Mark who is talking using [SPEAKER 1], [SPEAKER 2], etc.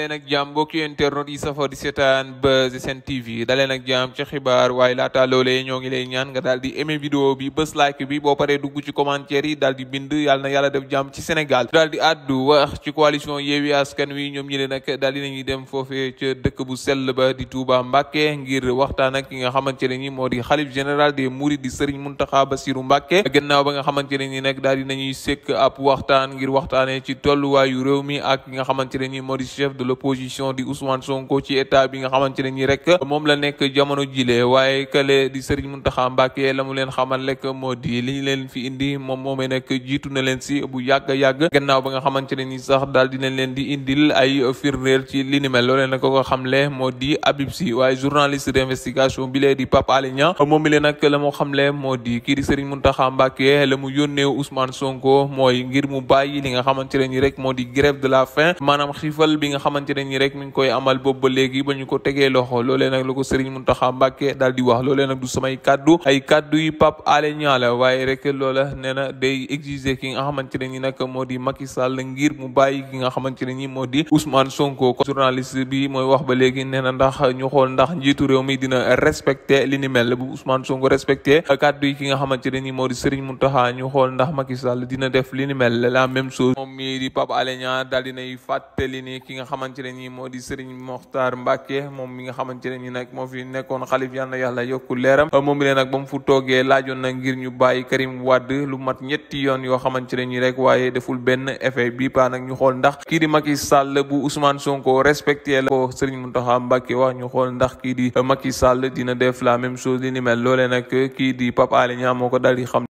[SPEAKER 1] leen ak jàmm mbokki internet yi safoo di seetaan Buzz Sen TV daleen ak ci xibaar waaye laata loolee ñoo ngi lay ñaan nga daal di aimer vidéo bi bës like bi boo paree dugg ci commentaire yi daal di bind yàlla na yàlla def jàmm ci Sénégal daal di àddu wax ci coalition Yewwi Askan Wi ñoom ñi leen nag daal di nañuy dem foofe ca dëkk bu sell ba di Touba Mbacké ngir waxtaan ak ki nga xamante ne ni moo di xalif général des Mourides di Serigne Mountakha Bassirou Mbacké gannaaw ba nga xamante ne ni nag daal di nañuy sekk ab waxtaan ngir waxtaanee ci tolluwaayu réew mi ak ki nga xamante ne ni l'opposition di Ousmane Sonko ci état bi nga xamante ne nii rek moom la nekk jamono jile waaye kale di Serigne Mountakha Mbacké la mu leen xamal rek moo di li ñu leen fi indi na leen si bu yàgg a yàgg ba nga xamante ne nii sax daal dinañ leen di indil ay firndeel ci li ni mel loolee nag ko moo di Habib Sy waaye journaliste d'investigation bi di Pape Alé Niang moom mi leen nag la mu xamle moo di kii di Serigne Mountakha Mbacké la mu yónnee Ousmane Sonko mooy ngir mu bàyyi li nga xamante ne nii rek moo di de la faim maanaam xiifal bi nga xamante xamante ne nii rek mi ngi koy amal boobu ba léegi ba ñu ko tegee loxo loolee nag la ko Serigne Mountakha Mbacké daal di wax loolee nag du samay kaddu ay kaddu yi Pape Alé la waaye rek loola nee day exiger ki nga xamante ne nii nag moo di Macky Sall ngir mu bàyyi ki nga xamante ne bi mooy wax ba léegi nee na ndax ñu xool ndax njiitu réew mi dina respecté li ni mel bu Ousmane Sonko respecté kaddu yi ki nga xamante ne nii moo di Serigne Mountakha ñu xool ndax Macky Sall dina def li ni la même chose moom mii di Pape Alé Niang daal dinay fàttali ni ki xamante ne nii moo di Serigne Mokhtar Mbacke moom mi nga xamante ne nii nekkoon xalif yal na yàlla yokku leeram moom mi leen nag ba mu fu toogee laajoon na ngir ñu bàyyi Karim Wade lu mat ñetti yoon yoo xamante ne nii rek waaye deful benn effet bi pa nag ñu xool ndax kii di Macky Sall bu Ousmane Sonko respecté la ko Serigne Mountakha Mbacke wax ñu xool ndax kii di sal dina def la même li ni mel loolee nag kii di Pape Alé Niang moo ko daal xam